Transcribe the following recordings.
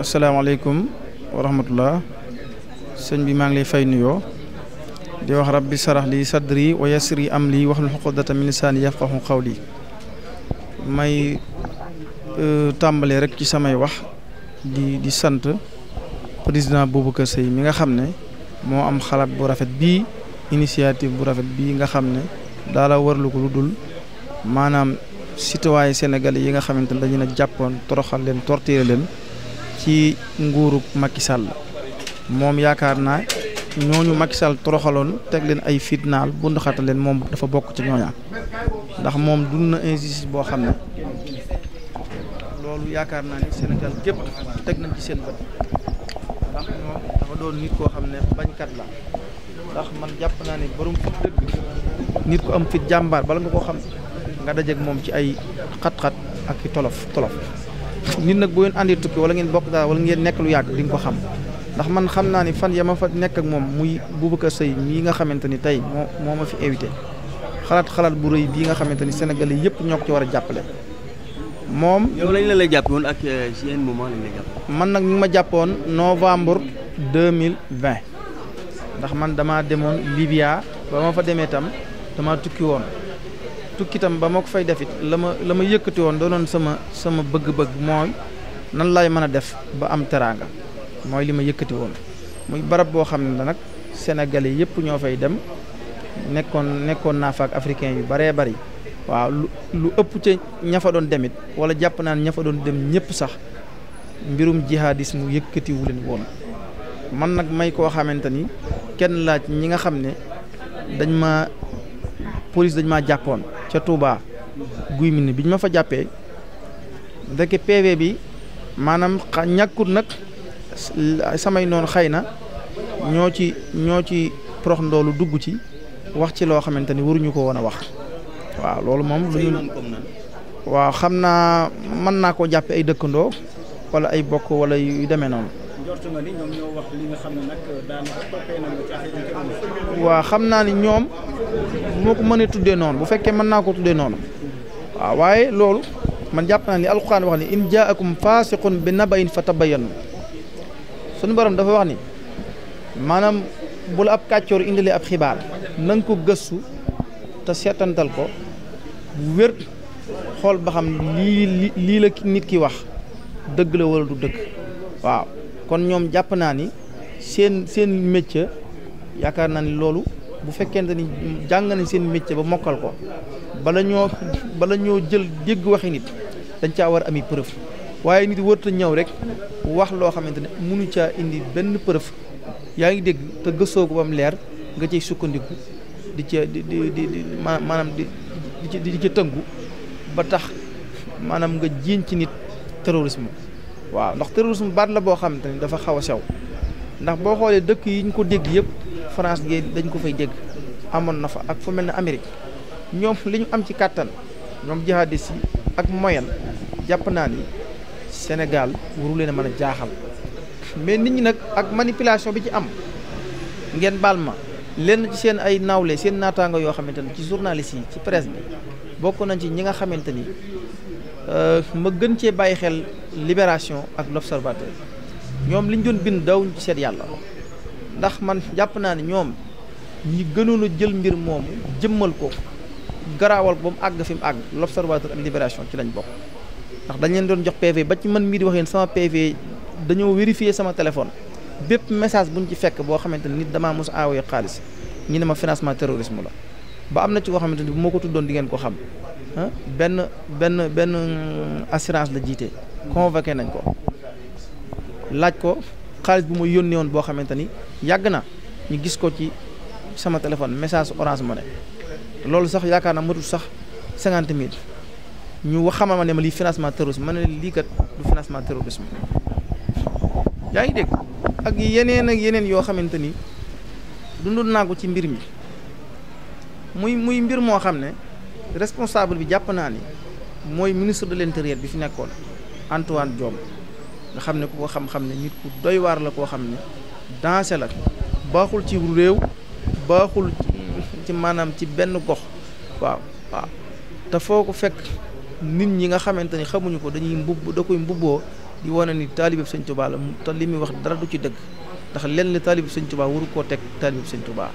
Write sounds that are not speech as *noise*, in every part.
asalaamaaleykum wa rahmatullah sëñ bi maa ngi lay fay nuyoo di wax rab bi sarax li sadri wa yasri am li wax lu xoqdata min lisaani xaw qawli may euh, tàmbalee rek ci samay wax di di sant président Boubacar Seye mi nga xam ne moo am xalaat bu rafet bii initiative bu rafet bii nga xam ne daala warlu ko lu dul maanaam citoyen sénégalais yi nga xamante ne dañu ne jàppoon toroxal leen torturer leen ci nguurub Macky Sall moom yaakaar naa ñooñu Macky Sall toroxaloon teg leen ay fitnaal bunduxatal leen moom dafa bokk ci ñooña ndax moom dund na injustice boo xam ne loolu yaakaar naa ni Sénégal gépp nañ ci seen bët ndax moom koo xam ne bañkat la ndax man jàpp naa ne borom fit dëgg nit ko am fit jàmbaar bala nga koo xam nga dajeeg moom ci ay xat-xat ak i tolof tolof nit nag bu ngeen àndi tukki wala ngeen bokk dara wala ngeen nekk lu yàgg di ko xam ndax man xam naa ni fan ya fa nekk ak moom muy Boubacar Seye mii nga xamante ni tey moo moo ma fi invité xalaat xalaat bu rëy bii nga xamante ni Sénégalais yëpp ñoo ko ci war a jàppale moom. yow lañ la lay woon ak si euh, yenn moment lañ lay man nag ñu ma jàppoon novembre deux mille vingt ndax man dama demoon Libya ba ma fa demee tam damaa tukki woon. tukki tam ba moo ko fay def la ma la ma yëkkati woon doonoon sama sama bëgg-bëgg mooy nan laay mën a def ba am teraanga mooy li ma yëkkati woon muy barab boo xam ne nag sénégalais yëpp ñoo fay dem nekkoon nekkoon naa fa ak africain yu baree bari waaw lu lu ëpp ca ña fa doon demit wala jàpp naan ña fa doon dem ñëpp sax mbirum jihadisme yëkkatiwu leen woon man nag may koo xamante ni kenn laaj ñi nga xam ne dañ ma police dañ maa jàppoon ca Touba guy mi ni bi ñu ma fa jàppee ndeke PV bi maanaam ñàkkut nag samay noonu xëy na ñoo ci ñoo ci prox ndoolu dugg ci wax ci loo xamante ni waruñu ko woon a wax waaw loolu moom lu ñu waaw xam naa mën naa koo jàppe ay dëkkandoo wala ay bokk wala yu demee noonu njortu nga li nga xam ne nag xam naa ni ñoom moo ko mënee tuddee noonu bu fekkee mën naa ko tuddee noonu waaw waaye loolu man jàpp naa ni alxuraan wax ni in jaakum faasiqun bi nabain fa tabayyanu suñu borom dafa wax ni maanaam bul la ab kàccoor indilee ab xibaar na nga ko gëstu te seetantal ko wér xool ba lii lii la nit ki wax dëgg wala du dëgg waaw kon ñoom jàpp naa ni seen seen métier yaakaar naa ni loolu bu fekkente ni jàng nañ seen métier ba mokkal ko bala ñoo bala ñoo jël dégg waxi nit dañ caa war a ami preuve waaye nit wërta ñëw rek wax loo xamante ne mënu caa indi benn preuve yaa ngi dégg te gëstoo ko ba mu leer nga ciy sukkandiku di ca di di di maanaam di di di ca tëngu ba tax maanaam nga jiiñ ci nit terrorisme waaw ndax terrorisme baat la boo xamante ni dafa xaw a sew ndax boo xoolee dëkk yi ñu ko dégg yëpp France gi dañ ko fay dégg amoon na fa ak fu mel ne Amérique ñoom li ñu am ci kàttan ñoom jihadistes yi ak moyen jàpp naa ni Sénégal waru leen a mën a jaaxal mais nit ñi nag ak manipulation bi ci am ngeen baal ma lenn ci seen ay nawle seen naataango yoo xamante ni ci journaliste yi ci presse bi bokk nañ ci ñi nga xamante ni Euh, ma gën cee bàyyi xel Libération ak l'Observateur ñoom liñ doon bind daw ci seet yàlla ndax man jàpp naa ne ñoom ñi gënoon jël mbir moom jëmmal ko garaawal ba mu àgg fi mu àgg l'Observateur ak Libération ci lañ bokk ndax dañ leen doon jox PV ba ci man mii di wax yéen sama PV dañoo vérifier sama téléphone bépp message buñ ci fekk boo xamante ne nit dama mos aawee xaalis ñu ne ma financement terrorisme la ba am na ci koo xamante ni bu ma ko tuddoon di ngeen ko xam benn benn benn assurance la jiite convoqué nañ ko laaj ko xaalis bu ma yónnee woon boo xamante ni yàgg na ñu gis ko ci sama téléphone message orange money loolu sax yaakaar na matul sax cinquante mille ñu wax xamal ma ne ma lii financement terrorisme ma ne lii kat du financement terrorisme yaa dégg ak yeneen ak yeneen yoo xamante ni dund naa ko ci mbir mi muy muy mbir moo xam ne responsable bi jàpp naa ni mooy ministre de l'intérieur bi fi nekkoon Antoine Diome nga xam ne ku ko xam-xam ne nit ku doy waar la koo xam ne dansé la baaxul ci réew baaxul ci maanaam ci benn gox waaw waaw te foo ko fekk nit ñi nga xamante ni xamuñu ko dañuy mbubb da koy mbubboo di wane ni taalibe Sëñ Tuubaa la te li muy wax dara du ci dëgg ndax lenn li taalibe Sëñ Tuubaa koo teg taalibe Sëñ Tuubaa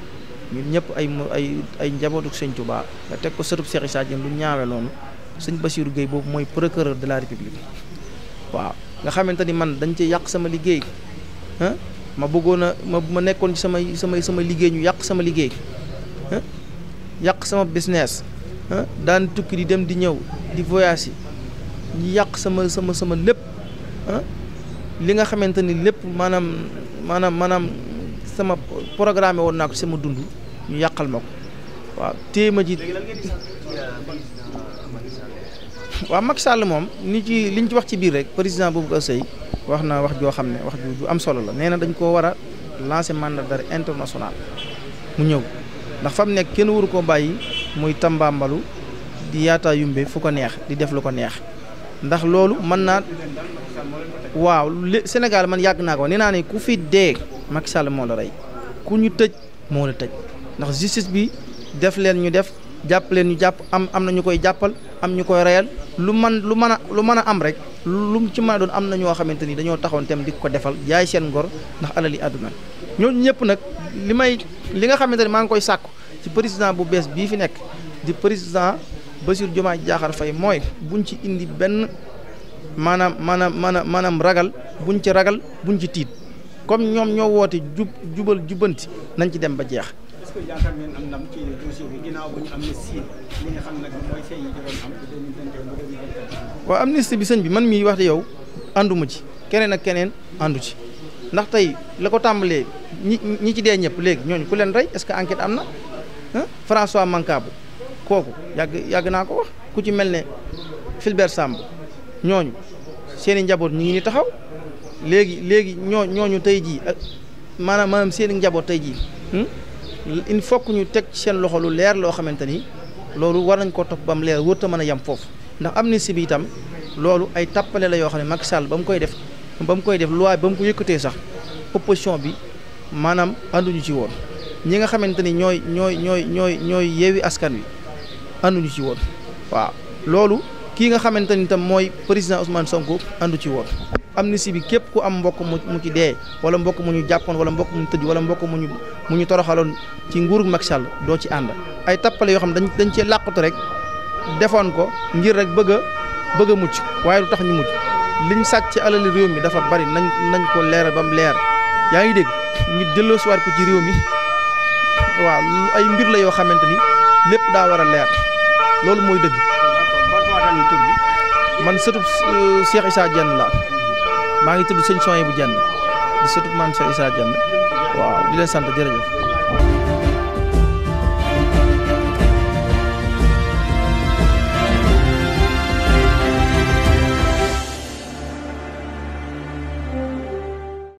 ñun ñëpp ay ay ay njabootu sëñ Touba nga teg ko setu Cheikh Issa Diène lu ñaawe loonu sëñ Bassirou Guèye boobu mooy procureur de la république waaw nga xamante ni man dañ ci yàq sama liggéey ma bëggoon a ma ma nekkoon ci samay samay sama liggéey ñu yàq sama liggéey yàq sama business daan tukki di dem di ñëw di voyage yi ñu yàq sama sama sama lépp li nga xamante ni lépp maanaam maanaam maanaam sama programme woon naa ko sama dund ñu yàqal ma ko waaw téye ma ji. Euh, waaw Macky Sall moom ni ci liñ ci wax ci biir rek président boobu ko sëy wax na wax joo xam ne wax ju am solo la nee na dañ koo war a lancer mandat mu ñëw ndax fa mu nekk kenn waru koo bàyyi muy tambaambalu di yaataa yumbe fu ko neex di def lu ko neex ndax loolu mën naa waaw Sénégal man yàgg naa ko ne naa ne ku fi dee Macky Sall moo la rey ku ñu tëj moo la tëj ndax justice bi def leen ñu def jàpp leen ñu jàpp am am na ñu koy jàppal am ñu koy reyal lu man lu mën a lu mën a am rek lu mu ci mën a doon am na ñoo xamante ni dañoo taxoon tem di ko defal jaay seen ngor ndax alali àdduna ñooñu ñëpp nag li may li nga xamante ni maa ngi koy sàkku ci përisident bu bees bii fi nekk di président Bassirou Diomaye Diakhar fay mooy buñ ci indi benn maanaam maanaam maanaam maanaam ragal buñ ci ragal bu buñ ci tiit comme ñoom ñoo woote jub jubal jubanti nañ ci dem ba jeex est-ce que am ndam ci dossier bi ginnaaw bu ñu amnistie li nga xam nag yi am ci bi sëñ bi man mii wax de yow ànduma ci keneen ak keneen àndu ci ndax tey la ko tàmbalee ñi ñi ci dee ñëpp léegi ñooñu ku leen rey est-ce que am na François Mancabou kooku yàgg yàgg naa ko wax ku ci mel ne Fulbert Samb ñooñu seen i njaboot ñu ngi ni taxaw léegi léegi ñoo ñooñu tey jii ak maanaam maanaam seeni njaboot tey jii. Hmm? il faut que ñu teg ci seen loxo lu leer loo xamante ni loolu war nañ ko topp ba mu leer wërta mën a yem foofu ndax am si bi itam loolu ay tappale la yoo xam ne Macky Sall ba koy def ba mu koy def loi ba mu ko yëkkatee sax opposition bi maanaam ànduñu ci woon ñi nga xamante ni ñooy ñooy ñooy ñooy ñooy yeewi askan wi ànduñu ci woon waaw loolu kii nga xamante ni tam mooy président Ousmane Sonko àndu ci woon am amnistie bi képp ku am mbokk mu mu ci dee wala mbokk mu ñu jàppoon wala mbokk mu ñu tëj wala mbokk mu ñu mu ñu toroxaloon ci nguurug Macky Sall doo ci ànd ay tappale yoo xam dañ dañ cee làqatu rek defoon ko ngir rek bëgg a bëgg mucc waaye lu tax ñu mucc liñ sàcc ci alali réew mi dafa bari nañ nañ ko leeral ba mu leer yaa ngi dégg ñu delloo si waat ko ci réew mi *laughs* waaw ay mbir la yoo xamante ni lépp daa war a leer loolu mooy dëgg man sëtub euh, Cheikh Issa Diène la maa ngi tudd sëñ Soye bu Diagne di sëtu maam Cheikh Issa Diagne waaw di leen sant jërëjëf.